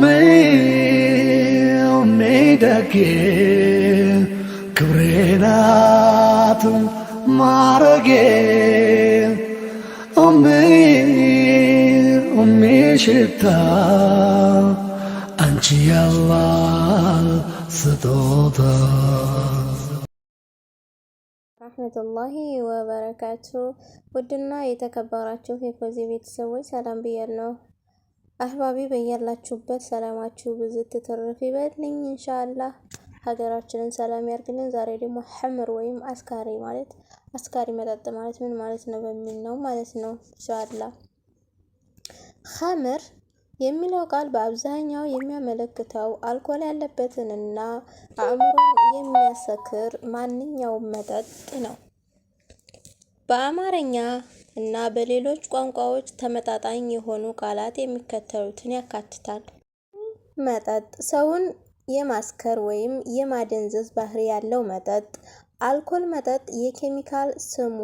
ሜሜደጌ ክብሬናት ማረጌ ኦሜ ኦሜ ሽታ አንቺ ያላህ ስጦታ ረህመቱላሂ ወበረካቱ። ውድና የተከበራችሁ የኮዚ ቤተሰቦች ሰላም ብያለሁ። አህባቢ በያላችሁበት ሰላማችሁ ብዝት ትርፍ ይበልኝ። እንሻላ ሀገራችንን ሰላም ያርግልን። ዛሬ ደግሞ ሐምር ወይም አስካሪ ማለት አስካሪ መጠጥ ማለት ምን ማለት ነው በሚል ነው ማለት ነው እንሻላ ሐምር የሚለው ቃል በአብዛኛው የሚያመለክተው አልኮል ያለበትንና አእምሮን የሚያሰክር ማንኛውም መጠጥ ነው። በአማርኛ እና በሌሎች ቋንቋዎች ተመጣጣኝ የሆኑ ቃላት የሚከተሉትን ያካትታል። መጠጥ ሰውን የማስከር ወይም የማደንዘዝ ባህሪ ያለው መጠጥ። አልኮል መጠጥ የኬሚካል ስሙ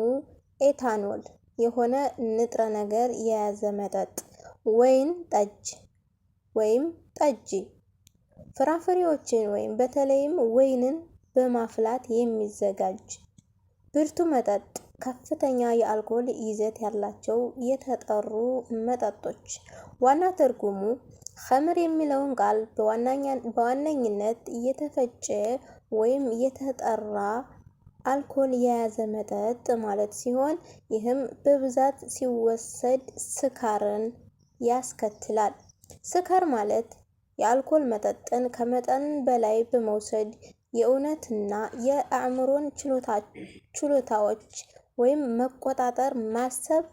ኤታኖል የሆነ ንጥረ ነገር የያዘ መጠጥ። ወይን ጠጅ ወይም ጠጅ ፍራፍሬዎችን ወይም በተለይም ወይንን በማፍላት የሚዘጋጅ ብርቱ መጠጥ ከፍተኛ የአልኮል ይዘት ያላቸው የተጠሩ መጠጦች። ዋና ትርጉሙ ኸምር የሚለውን ቃል በዋነኝነት የተፈጨ ወይም የተጠራ አልኮል የያዘ መጠጥ ማለት ሲሆን ይህም በብዛት ሲወሰድ ስካርን ያስከትላል። ስካር ማለት የአልኮል መጠጥን ከመጠን በላይ በመውሰድ የእውነትና የአእምሮን ችሎታዎች ወይም መቆጣጠር፣ ማሰብ፣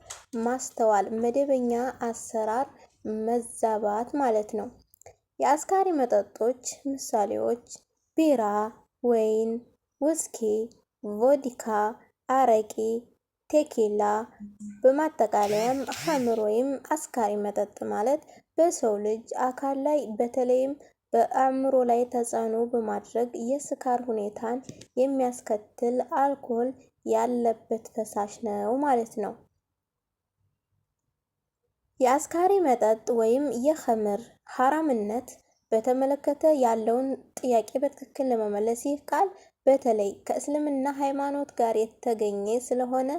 ማስተዋል፣ መደበኛ አሰራር መዛባት ማለት ነው። የአስካሪ መጠጦች ምሳሌዎች ቢራ፣ ወይን፣ ውስኪ፣ ቮዲካ፣ አረቂ፣ ቴኪላ። በማጠቃለያም ኸምር ወይም አስካሪ መጠጥ ማለት በሰው ልጅ አካል ላይ በተለይም በአእምሮ ላይ ተጽዕኖ በማድረግ የስካር ሁኔታን የሚያስከትል አልኮል ያለበት ፈሳሽ ነው ማለት ነው። የአስካሪ መጠጥ ወይም የኸምር ሐራምነት በተመለከተ ያለውን ጥያቄ በትክክል ለመመለስ ይህ ቃል በተለይ ከእስልምና ሃይማኖት ጋር የተገኘ ስለሆነ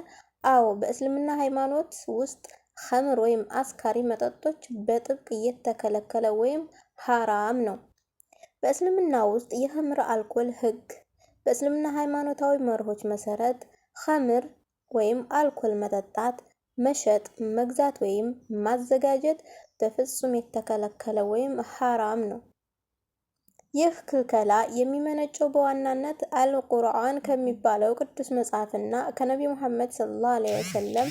አዎ፣ በእስልምና ሃይማኖት ውስጥ ኸምር ወይም አስካሪ መጠጦች በጥብቅ እየተከለከለ ወይም ሐራም ነው። በእስልምና ውስጥ የኸምር አልኮል ህግ በእስልምና ሃይማኖታዊ መርሆች መሰረት ኸምር ወይም አልኮል መጠጣት፣ መሸጥ፣ መግዛት ወይም ማዘጋጀት በፍጹም የተከለከለ ወይም ሐራም ነው። ይህ ክልከላ የሚመነጨው በዋናነት አልቁርአን ከሚባለው ቅዱስ መጽሐፍና ከነቢ ሙሐመድ ሰለላሁ ዐለይሂ ወሰለም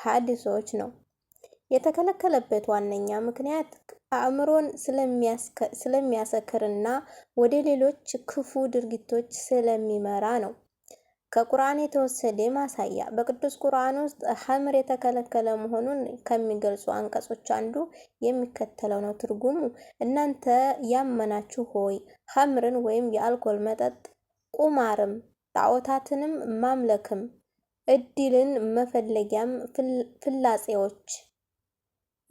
ሐዲሶች ነው። የተከለከለበት ዋነኛ ምክንያት አእምሮን ስለሚያሰክርና ወደ ሌሎች ክፉ ድርጊቶች ስለሚመራ ነው። ከቁርአን የተወሰደ ማሳያ በቅዱስ ቁርአን ውስጥ ሐምር የተከለከለ መሆኑን ከሚገልጹ አንቀጾች አንዱ የሚከተለው ነው። ትርጉሙ እናንተ ያመናችሁ ሆይ ሐምርን ወይም የአልኮል መጠጥ፣ ቁማርም፣ ጣዖታትንም ማምለክም፣ እድልን መፈለጊያም ፍላጼዎች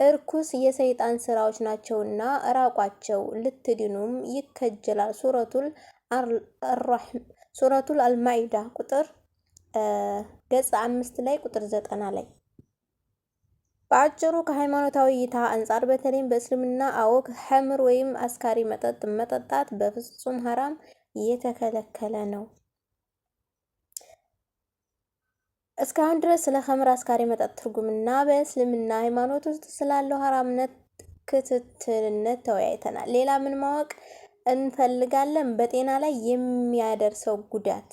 እርኩስ የሰይጣን ስራዎች ናቸውና ራቋቸው ልትድኑም ይከጀላል። ሱረቱል ሱረቱል አልማኢዳ ቁጥር ገጽ አምስት ላይ ቁጥር ዘጠና ላይ በአጭሩ ከሃይማኖታዊ እይታ አንጻር በተለይም በእስልምና አወግ ሐምር ወይም አስካሪ መጠጥ መጠጣት በፍጹም ሐራም እየተከለከለ ነው። እስካሁን ድረስ ስለ ሐምር አስካሪ መጠጥ ትርጉምና በእስልምና ሃይማኖት ውስጥ ስላለው ሐራምነት ክትትልነት ተወያይተናል። ሌላ ምን ማወቅ እንፈልጋለን በጤና ላይ የሚያደርሰው ጉዳት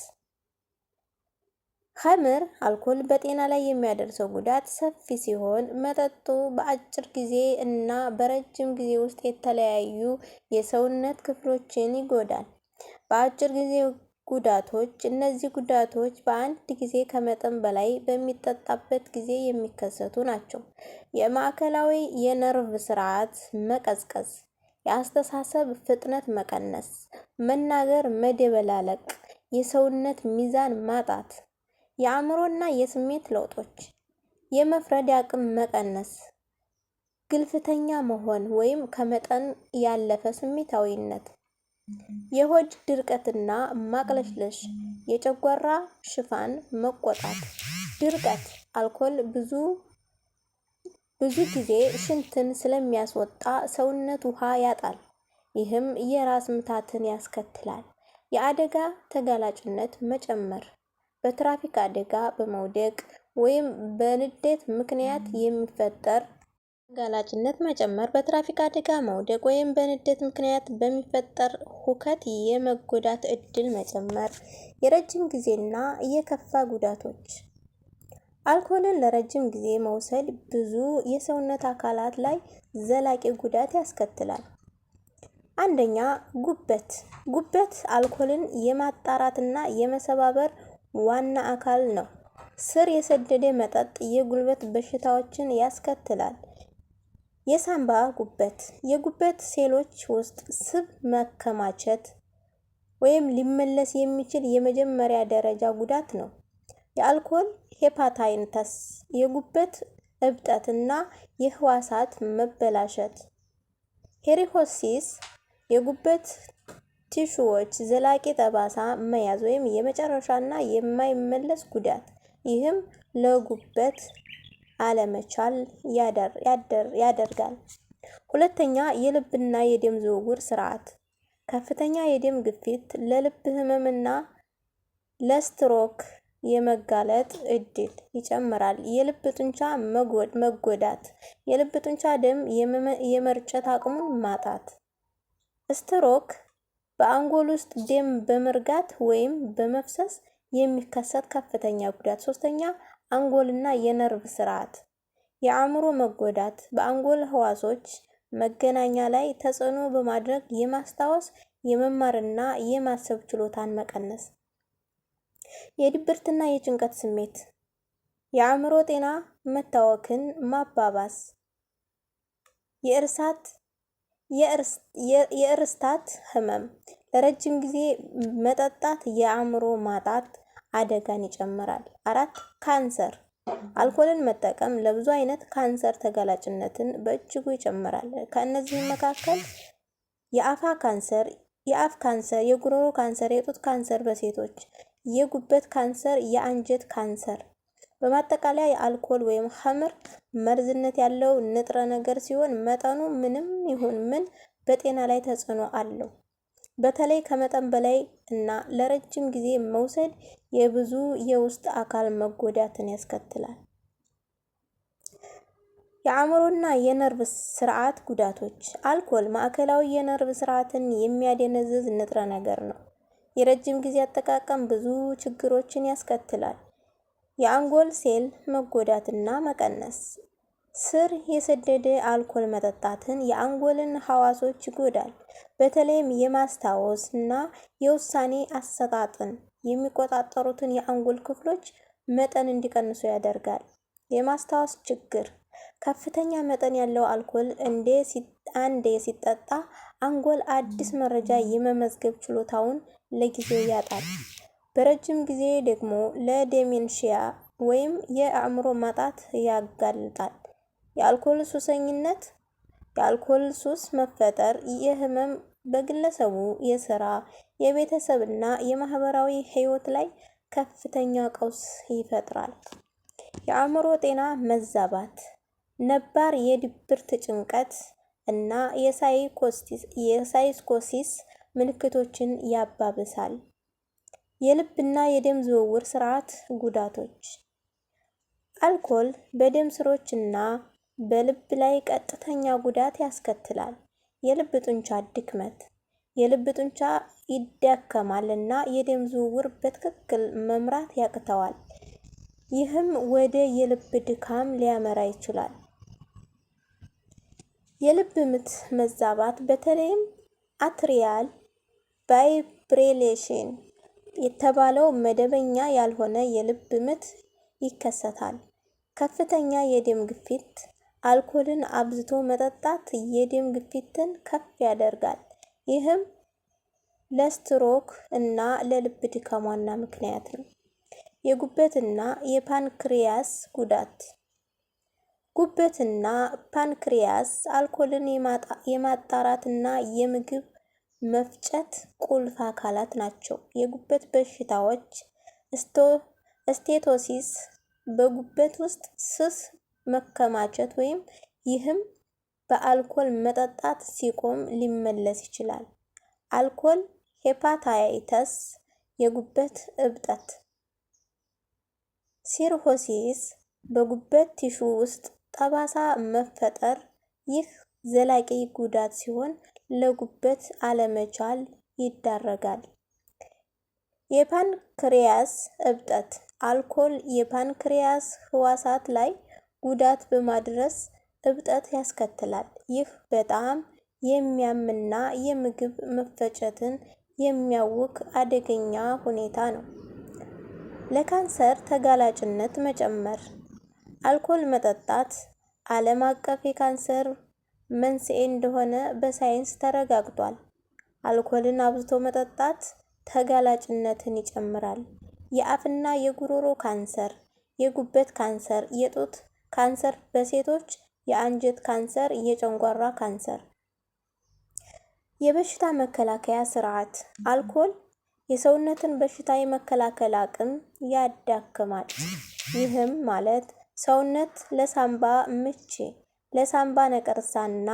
ኸምር አልኮል በጤና ላይ የሚያደርሰው ጉዳት ሰፊ ሲሆን መጠጡ በአጭር ጊዜ እና በረጅም ጊዜ ውስጥ የተለያዩ የሰውነት ክፍሎችን ይጎዳል። በአጭር ጊዜ ጉዳቶች እነዚህ ጉዳቶች በአንድ ጊዜ ከመጠን በላይ በሚጠጣበት ጊዜ የሚከሰቱ ናቸው። የማዕከላዊ የነርቭ ስርዓት መቀዝቀዝ የአስተሳሰብ ፍጥነት መቀነስ፣ መናገር መደበላለቅ፣ የሰውነት ሚዛን ማጣት፣ የአእምሮና የስሜት ለውጦች፣ የመፍረድ አቅም መቀነስ፣ ግልፍተኛ መሆን ወይም ከመጠን ያለፈ ስሜታዊነት፣ የሆድ ድርቀትና ማቅለሽለሽ፣ የጨጓራ ሽፋን መቆጣት። ድርቀት አልኮል ብዙ ብዙ ጊዜ ሽንትን ስለሚያስወጣ ሰውነት ውሃ ያጣል። ይህም የራስ ምታትን ያስከትላል። የአደጋ ተጋላጭነት መጨመር፣ በትራፊክ አደጋ በመውደቅ ወይም በንዴት ምክንያት የሚፈጠር ተጋላጭነት መጨመር፣ በትራፊክ አደጋ መውደቅ ወይም በንዴት ምክንያት በሚፈጠር ሁከት የመጎዳት እድል መጨመር፣ የረጅም ጊዜና የከፋ ጉዳቶች አልኮልን ለረጅም ጊዜ መውሰድ ብዙ የሰውነት አካላት ላይ ዘላቂ ጉዳት ያስከትላል። አንደኛ፣ ጉበት። ጉበት አልኮልን የማጣራትና የመሰባበር ዋና አካል ነው። ስር የሰደደ መጠጥ የጉልበት በሽታዎችን ያስከትላል። የሳምባ ጉበት። የጉበት ሴሎች ውስጥ ስብ መከማቸት ወይም ሊመለስ የሚችል የመጀመሪያ ደረጃ ጉዳት ነው። የአልኮል ሄፓታይንተስ የጉበት እብጠት እና የህዋሳት መበላሸት። ሄሪሆሲስ የጉበት ቲሹዎች ዘላቂ ጠባሳ መያዝ ወይም የመጨረሻ እና የማይመለስ ጉዳት፣ ይህም ለጉበት አለመቻል ያደርጋል። ሁለተኛ፣ የልብና የደም ዝውውር ስርዓት ከፍተኛ የደም ግፊት ለልብ ህመምና ለስትሮክ የመጋለጥ እድል ይጨምራል። የልብ ጡንቻ መጎዳት፣ የልብ ጡንቻ ደም የመርጨት አቅሙን ማጣት፣ ስትሮክ በአንጎል ውስጥ ደም በመርጋት ወይም በመፍሰስ የሚከሰት ከፍተኛ ጉዳት። ሶስተኛ አንጎልና የነርቭ ስርዓት፣ የአእምሮ መጎዳት በአንጎል ህዋሶች መገናኛ ላይ ተጽዕኖ በማድረግ የማስታወስ የመማርና የማሰብ ችሎታን መቀነስ የድብርትና የጭንቀት ስሜት፣ የአእምሮ ጤና መታወክን ማባባስ፣ የእርስታት ህመም፣ ለረጅም ጊዜ መጠጣት የአእምሮ ማጣት አደጋን ይጨምራል። አራት ካንሰር፣ አልኮልን መጠቀም ለብዙ አይነት ካንሰር ተጋላጭነትን በእጅጉ ይጨምራል። ከእነዚህም መካከል የአፋ ካንሰር የአፍ ካንሰር፣ የጉሮሮ ካንሰር፣ የጡት ካንሰር በሴቶች የጉበት ካንሰር፣ የአንጀት ካንሰር። በማጠቃለያ የአልኮል ወይም ሐምር መርዝነት ያለው ንጥረ ነገር ሲሆን መጠኑ ምንም ይሁን ምን በጤና ላይ ተጽዕኖ አለው። በተለይ ከመጠን በላይ እና ለረጅም ጊዜ መውሰድ የብዙ የውስጥ አካል መጎዳትን ያስከትላል። የአእምሮና የነርቭ ስርዓት ጉዳቶች። አልኮል ማዕከላዊ የነርቭ ስርዓትን የሚያደነዝዝ ንጥረ ነገር ነው። የረጅም ጊዜ አጠቃቀም ብዙ ችግሮችን ያስከትላል። የአንጎል ሴል መጎዳትና መቀነስ፣ ስር የሰደደ አልኮል መጠጣትን የአንጎልን ሐዋሶች ይጎዳል። በተለይም የማስታወስ እና የውሳኔ አሰጣጥን የሚቆጣጠሩትን የአንጎል ክፍሎች መጠን እንዲቀንሱ ያደርጋል። የማስታወስ ችግር፣ ከፍተኛ መጠን ያለው አልኮል አንዴ ሲጠጣ አንጎል አዲስ መረጃ የመመዝገብ ችሎታውን ለጊዜው ያጣል። በረጅም ጊዜ ደግሞ ለዴሜንሺያ ወይም የአእምሮ ማጣት ያጋልጣል። የአልኮል ሱሰኝነት የአልኮል ሱስ መፈጠር የህመም በግለሰቡ የስራ፣ የቤተሰብና የማህበራዊ ህይወት ላይ ከፍተኛ ቀውስ ይፈጥራል። የአእምሮ ጤና መዛባት ነባር የድብርት ጭንቀት እና የሳይኮሲስ ምልክቶችን ያባብሳል። የልብና የደም ዝውውር ስርዓት ጉዳቶች አልኮል በደም ስሮች እና በልብ ላይ ቀጥተኛ ጉዳት ያስከትላል። የልብ ጡንቻ ድክመት የልብ ጡንቻ ይዳከማል እና የደም ዝውውር በትክክል መምራት ያቅተዋል። ይህም ወደ የልብ ድካም ሊያመራ ይችላል። የልብ ምት መዛባት በተለይም አትሪያል ቫይብሬሌሽን የተባለው መደበኛ ያልሆነ የልብ ምት ይከሰታል። ከፍተኛ የደም ግፊት አልኮልን አብዝቶ መጠጣት የደም ግፊትን ከፍ ያደርጋል። ይህም ለስትሮክ እና ለልብ ድካም ዋና ምክንያት ነው። የጉበትና የፓንክሪያስ ጉዳት ጉበትና ፓንክሪያስ አልኮልን የማጣራትና የምግብ መፍጨት ቁልፍ አካላት ናቸው። የጉበት በሽታዎች ስቴቶሲስ በጉበት ውስጥ ስስ መከማቸት ወይም ይህም በአልኮል መጠጣት ሲቆም ሊመለስ ይችላል። አልኮል ሄፓታይተስ የጉበት እብጠት ሲርሆሲስ በጉበት ቲሹ ውስጥ ጠባሳ መፈጠር ይህ ዘላቂ ጉዳት ሲሆን ለጉበት አለመቻል ይዳረጋል። የፓንክሪያስ እብጠት አልኮል የፓንክሪያስ ህዋሳት ላይ ጉዳት በማድረስ እብጠት ያስከትላል። ይህ በጣም የሚያምና የምግብ መፈጨትን የሚያውክ አደገኛ ሁኔታ ነው። ለካንሰር ተጋላጭነት መጨመር አልኮል መጠጣት ዓለም አቀፍ የካንሰር መንስኤ እንደሆነ በሳይንስ ተረጋግጧል። አልኮልን አብዝቶ መጠጣት ተጋላጭነትን ይጨምራል። የአፍና የጉሮሮ ካንሰር፣ የጉበት ካንሰር፣ የጡት ካንሰር፣ በሴቶች የአንጀት ካንሰር፣ የጨንጓራ ካንሰር። የበሽታ መከላከያ ስርዓት፣ አልኮል የሰውነትን በሽታ የመከላከል አቅም ያዳክማል። ይህም ማለት ሰውነት ለሳምባ ምች ለሳምባ ነቀርሳና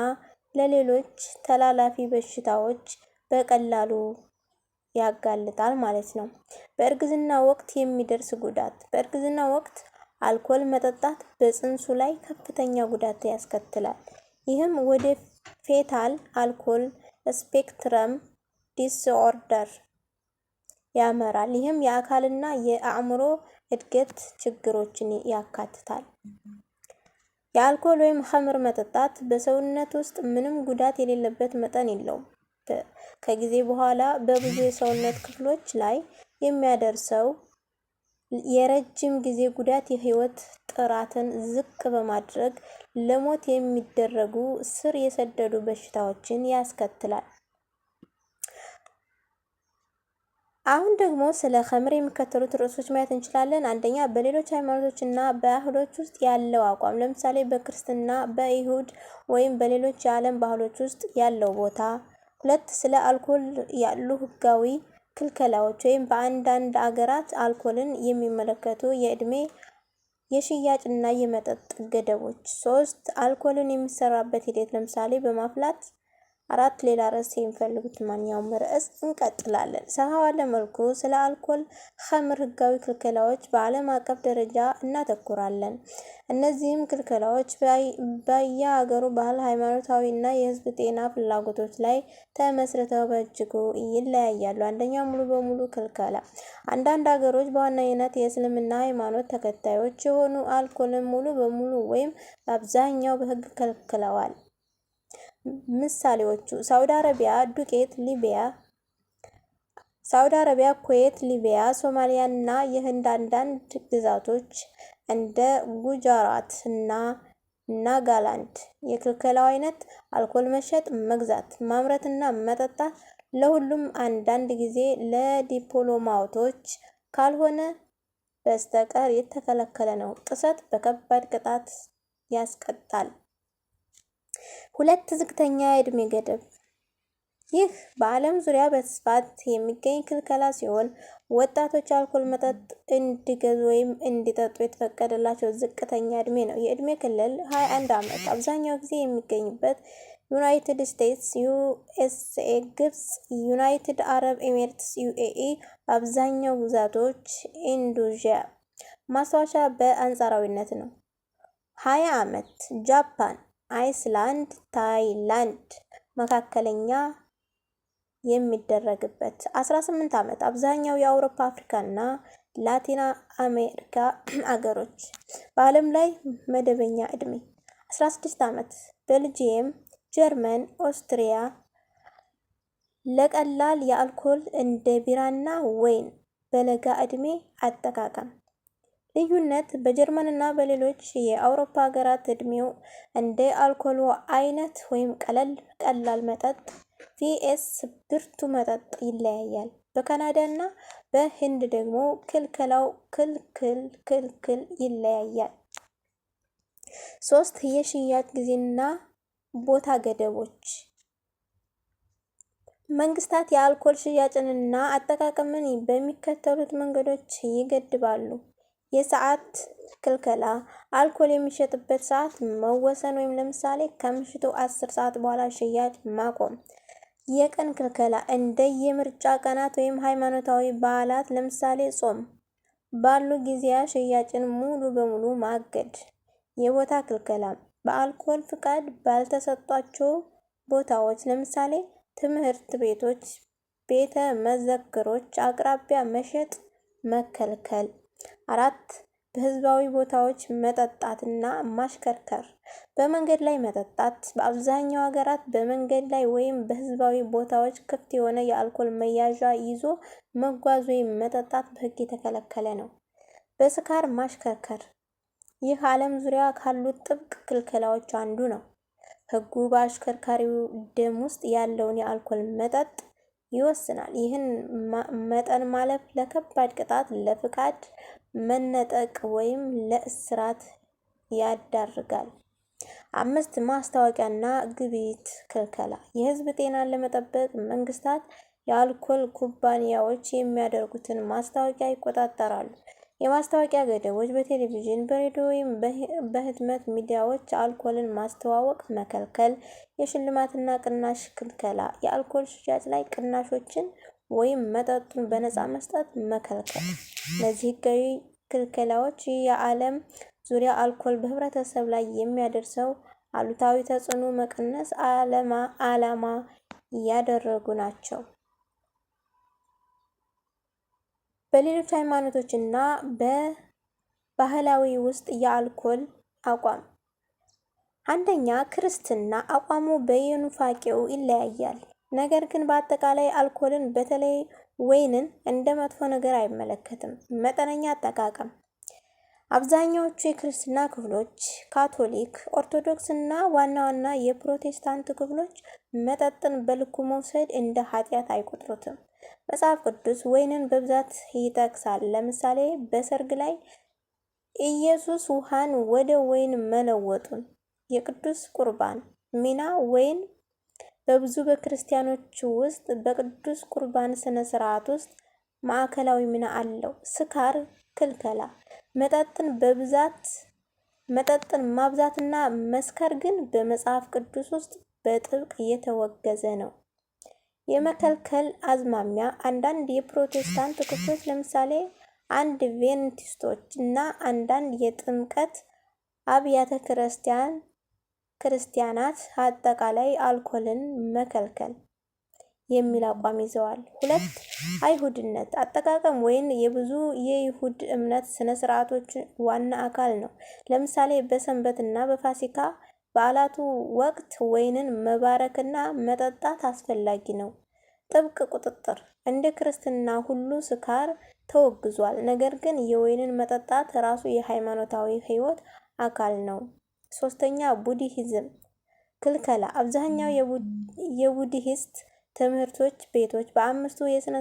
ለሌሎች ተላላፊ በሽታዎች በቀላሉ ያጋልጣል ማለት ነው። በእርግዝና ወቅት የሚደርስ ጉዳት በእርግዝና ወቅት አልኮል መጠጣት በፅንሱ ላይ ከፍተኛ ጉዳት ያስከትላል። ይህም ወደ ፌታል አልኮል ስፔክትረም ዲስኦርደር ያመራል። ይህም የአካልና የአእምሮ እድገት ችግሮችን ያካትታል። የአልኮል ወይም ኸምር መጠጣት በሰውነት ውስጥ ምንም ጉዳት የሌለበት መጠን የለውም። ከጊዜ በኋላ በብዙ የሰውነት ክፍሎች ላይ የሚያደርሰው የረጅም ጊዜ ጉዳት የህይወት ጥራትን ዝቅ በማድረግ ለሞት የሚደረጉ ስር የሰደዱ በሽታዎችን ያስከትላል። አሁን ደግሞ ስለ ኸምር የሚከተሉት ርዕሶች ማየት እንችላለን። አንደኛ በሌሎች ሃይማኖቶች እና በአህሎች ውስጥ ያለው አቋም፣ ለምሳሌ በክርስትና፣ በይሁድ ወይም በሌሎች የዓለም ባህሎች ውስጥ ያለው ቦታ። ሁለት ስለ አልኮል ያሉ ህጋዊ ክልከላዎች ወይም በአንዳንድ አገራት አልኮልን የሚመለከቱ የዕድሜ የሽያጭ እና የመጠጥ ገደቦች። ሶስት አልኮልን የሚሰራበት ሂደት፣ ለምሳሌ በማፍላት አራት ሌላ ርዕስ የሚፈልጉት ማንኛውም ርዕስ እንቀጥላለን። ሰፋ ባለ መልኩ ስለ አልኮል ኸምር ህጋዊ ክልከላዎች በዓለም አቀፍ ደረጃ እናተኩራለን። እነዚህም ክልከላዎች በየሀገሩ ባህል፣ ሃይማኖታዊ እና የህዝብ ጤና ፍላጎቶች ላይ ተመስርተው በእጅጉ ይለያያሉ። አንደኛው ሙሉ በሙሉ ክልከላ፣ አንዳንድ ሀገሮች በዋነኝነት የእስልምና ሃይማኖት ተከታዮች የሆኑ አልኮልን ሙሉ በሙሉ ወይም በአብዛኛው በህግ ከልክለዋል። ምሳሌዎቹ ሳውዲ አረቢያ፣ ዱቄት፣ ሊቢያ ሳውዲ አረቢያ፣ ኩዌት፣ ሊቢያ፣ ሶማሊያ እና የህንድ አንዳንድ ግዛቶች እንደ ጉጃራት እና ናጋላንድ። የክልከላው አይነት አልኮል መሸጥ፣ መግዛት፣ ማምረት እና መጠጣት ለሁሉም አንዳንድ ጊዜ ለዲፕሎማቶች ካልሆነ በስተቀር የተከለከለ ነው። ጥሰት በከባድ ቅጣት ያስቀጣል። ሁለት ዝቅተኛ የዕድሜ ገደብ ይህ በዓለም ዙሪያ በስፋት የሚገኝ ክልከላ ሲሆን ወጣቶች አልኮል መጠጥ እንዲገዙ ወይም እንዲጠጡ የተፈቀደላቸው ዝቅተኛ እድሜ ነው። የእድሜ ክልል 21 ዓመት አብዛኛው ጊዜ የሚገኝበት ዩናይትድ ስቴትስ፣ ዩኤስኤ፣ ግብፅ፣ ዩናይትድ አረብ ኤሚሬትስ ዩኤኢ፣ በአብዛኛው ግዛቶች ኢንዶኔዥያ። ማስታወሻ በአንጻራዊነት ነው። 20 ዓመት ጃፓን አይስላንድ ታይላንድ መካከለኛ የሚደረግበት 18 ዓመት አብዛኛው የአውሮፓ አፍሪካና ላቲን አሜሪካ አገሮች በዓለም ላይ መደበኛ ዕድሜ 16 ዓመት ቤልጂየም፣ ጀርመን፣ ኦስትሪያ ለቀላል የአልኮል እንደ ቢራና ወይን በለጋ ዕድሜ አጠቃቀም ልዩነት በጀርመንና በሌሎች የአውሮፓ ሀገራት እድሜው እንደ አልኮል አይነት ወይም ቀለል ቀላል መጠጥ ቪኤስ ብርቱ መጠጥ ይለያያል። በካናዳ እና በህንድ ደግሞ ክልከላው ክልክል ክልክል ይለያያል። ሶስት የሽያጭ ጊዜና ቦታ ገደቦች መንግስታት የአልኮል ሽያጭንና አጠቃቀምን በሚከተሉት መንገዶች ይገድባሉ። የሰዓት ክልከላ አልኮል የሚሸጥበት ሰዓት መወሰን ወይም ለምሳሌ ከምሽቱ አስር ሰዓት በኋላ ሽያጭ ማቆም። የቀን ክልከላ እንደ የምርጫ ቀናት ወይም ሃይማኖታዊ በዓላት ለምሳሌ ጾም ባሉ ጊዜያ ሽያጭን ሙሉ በሙሉ ማገድ። የቦታ ክልከላ በአልኮል ፍቃድ ባልተሰጧቸው ቦታዎች ለምሳሌ ትምህርት ቤቶች፣ ቤተ መዘክሮች አቅራቢያ መሸጥ መከልከል። አራት በህዝባዊ ቦታዎች መጠጣትና ማሽከርከር በመንገድ ላይ መጠጣት በአብዛኛው ሀገራት በመንገድ ላይ ወይም በህዝባዊ ቦታዎች ክፍት የሆነ የአልኮል መያዣ ይዞ መጓዝ ወይም መጠጣት በህግ የተከለከለ ነው። በስካር ማሽከርከር ይህ ዓለም ዙሪያ ካሉት ጥብቅ ክልከላዎች አንዱ ነው። ህጉ በአሽከርካሪው ደም ውስጥ ያለውን የአልኮል መጠጥ ይወስናል። ይህን መጠን ማለፍ ለከባድ ቅጣት፣ ለፍቃድ መነጠቅ ወይም ለእስራት ያዳርጋል። አምስት ማስታወቂያና ግብይት ክልከላ። የህዝብ ጤናን ለመጠበቅ መንግስታት የአልኮል ኩባንያዎች የሚያደርጉትን ማስታወቂያ ይቆጣጠራሉ። የማስታወቂያ ገደቦች በቴሌቪዥን፣ በሬዲዮ ወይም በህትመት ሚዲያዎች አልኮልን ማስተዋወቅ መከልከል። የሽልማትና ቅናሽ ክልከላ የአልኮል ሽያጭ ላይ ቅናሾችን ወይም መጠጡን በነፃ መስጠት መከልከል። እነዚህ ህጋዊ ክልከላዎች የዓለም ዙሪያ አልኮል በህብረተሰብ ላይ የሚያደርሰው አሉታዊ ተጽዕኖ መቀነስ አላማ ያደረጉ ናቸው። በሌሎች ሃይማኖቶች እና በባህላዊ ውስጥ የአልኮል አቋም አንደኛ ክርስትና አቋሙ በየኑፋቄው ይለያያል። ነገር ግን በአጠቃላይ አልኮልን በተለይ ወይንን እንደ መጥፎ ነገር አይመለከትም። መጠነኛ አጠቃቀም አብዛኛዎቹ የክርስትና ክፍሎች ካቶሊክ፣ ኦርቶዶክስ እና ዋና ዋና የፕሮቴስታንት ክፍሎች መጠጥን በልኩ መውሰድ እንደ ኃጢአት አይቆጥሩትም። መጽሐፍ ቅዱስ ወይንን በብዛት ይጠቅሳል። ለምሳሌ በሰርግ ላይ ኢየሱስ ውሃን ወደ ወይን መለወጡን። የቅዱስ ቁርባን ሚና ወይን በብዙ በክርስቲያኖች ውስጥ በቅዱስ ቁርባን ስነ ስርዓት ውስጥ ማዕከላዊ ሚና አለው። ስካር ክልከላ፣ መጠጥን በብዛት መጠጥን ማብዛትና መስከር ግን በመጽሐፍ ቅዱስ ውስጥ በጥብቅ እየተወገዘ ነው። የመከልከል አዝማሚያ አንዳንድ የፕሮቴስታንት ክፍሎች ለምሳሌ አንድ ቬንቲስቶች እና አንዳንድ የጥምቀት አብያተ ክርስቲያን ክርስቲያናት አጠቃላይ አልኮልን መከልከል የሚል አቋም ይዘዋል። ሁለት አይሁድነት አጠቃቀም ወይም የብዙ የይሁድ እምነት ሥነ ሥርዓቶች ዋና አካል ነው። ለምሳሌ እና በፋሲካ በዓላቱ ወቅት ወይንን መባረክና መጠጣት አስፈላጊ ነው። ጥብቅ ቁጥጥር እንደ ክርስትና ሁሉ ስካር ተወግዟል። ነገር ግን የወይንን መጠጣት ራሱ የሃይማኖታዊ ሕይወት አካል ነው። ሶስተኛ ቡዲሂዝም ክልከላ አብዛኛው የቡዲሂስት ትምህርቶች ቤቶች በአምስቱ የስነ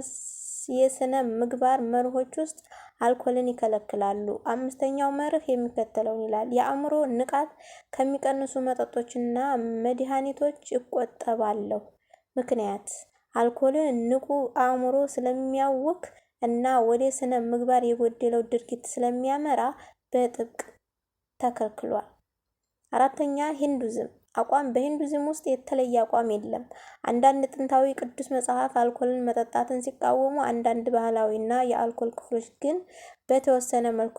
የስነ ምግባር መርሆች ውስጥ አልኮልን ይከለክላሉ። አምስተኛው መርህ የሚከተለውን ይላል። የአእምሮ ንቃት ከሚቀንሱ መጠጦችና መድኃኒቶች እቆጠባለሁ። ምክንያት አልኮልን ንቁ አእምሮ ስለሚያውክ እና ወደ ስነ ምግባር የጎደለው ድርጊት ስለሚያመራ በጥብቅ ተከልክሏል። አራተኛ ሂንዱዝም አቋም በሂንዱዝም ውስጥ የተለየ አቋም የለም። አንዳንድ ጥንታዊ ቅዱስ መጽሐፍ አልኮልን መጠጣትን ሲቃወሙ፣ አንዳንድ ባህላዊና የአልኮል ክፍሎች ግን በተወሰነ መልኩ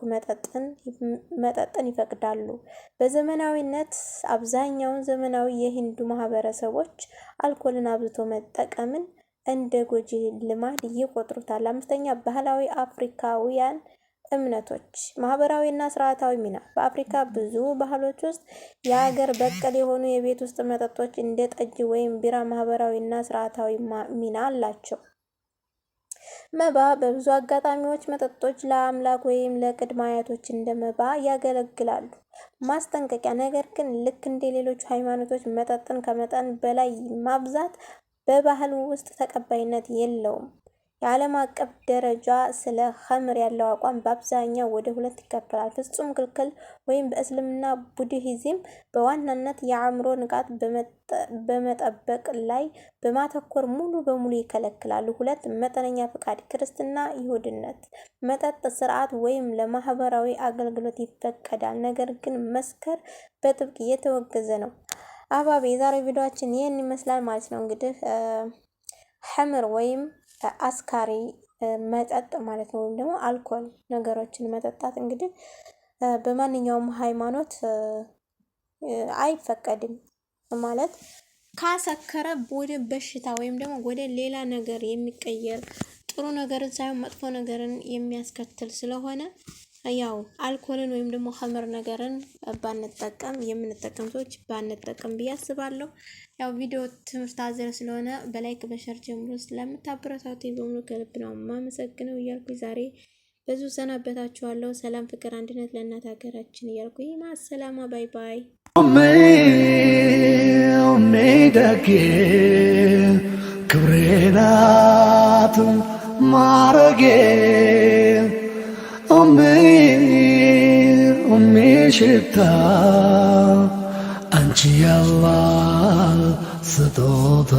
መጠጥን ይፈቅዳሉ። በዘመናዊነት አብዛኛውን ዘመናዊ የሂንዱ ማህበረሰቦች አልኮልን አብዝቶ መጠቀምን እንደ ጎጂ ልማድ ይቆጥሩታል። አምስተኛ ባህላዊ አፍሪካውያን እምነቶች ማህበራዊና ስርዓታዊ ሚና በአፍሪካ ብዙ ባህሎች ውስጥ የሀገር በቀል የሆኑ የቤት ውስጥ መጠጦች እንደ ጠጅ ወይም ቢራ ማህበራዊና ስርዓታዊ ሚና አላቸው። መባ በብዙ አጋጣሚዎች መጠጦች ለአምላክ ወይም ለቅድመ አያቶች እንደ መባ ያገለግላሉ። ማስጠንቀቂያ ነገር ግን ልክ እንደ ሌሎች ሃይማኖቶች መጠጥን ከመጠን በላይ ማብዛት በባህል ውስጥ ተቀባይነት የለውም። የዓለም አቀፍ ደረጃ ስለ ኸምር ያለው አቋም በአብዛኛው ወደ ሁለት ይከፈላል። ፍጹም ክልክል ወይም በእስልምና ቡድሂዝም በዋናነት የአእምሮ ንቃት በመጠበቅ ላይ በማተኮር ሙሉ በሙሉ ይከለክላሉ። ሁለት መጠነኛ ፍቃድ ክርስትና፣ ይሁድነት መጠጥ ስርዓት ወይም ለማህበራዊ አገልግሎት ይፈቀዳል፣ ነገር ግን መስከር በጥብቅ እየተወገዘ ነው። አባቤ የዛሬው ቪዲዮችን ይህን ይመስላል ማለት ነው እንግዲህ ሐምር ወይም አስካሪ መጠጥ ማለት ነው ወይም ደግሞ አልኮል ነገሮችን መጠጣት እንግዲህ በማንኛውም ሃይማኖት አይፈቀድም። ማለት ካሰከረ ወደ በሽታ ወይም ደግሞ ወደ ሌላ ነገር የሚቀየር ጥሩ ነገርን ሳይሆን መጥፎ ነገርን የሚያስከትል ስለሆነ ያው አልኮልን ወይም ደግሞ ኸምር ነገርን ባንጠቀም የምንጠቀም ሰዎች ባንጠቀም ብዬ አስባለሁ። ያው ቪዲዮ ትምህርት አዘል ስለሆነ በላይክ በሸር ጀምሮ ስለምታበረታቱ በሙሉ ከልብ ነው ማመሰግነው እያልኩኝ ዛሬ ብዙ ሰናበታችኋለሁ። ሰላም፣ ፍቅር፣ አንድነት ለእናት ሀገራችን እያልኩኝ ማሰላማ ባይ ባይ ሜጋጌ ክብሬናት ማረጌ ሽታ አንቺ ያላ ስጦታ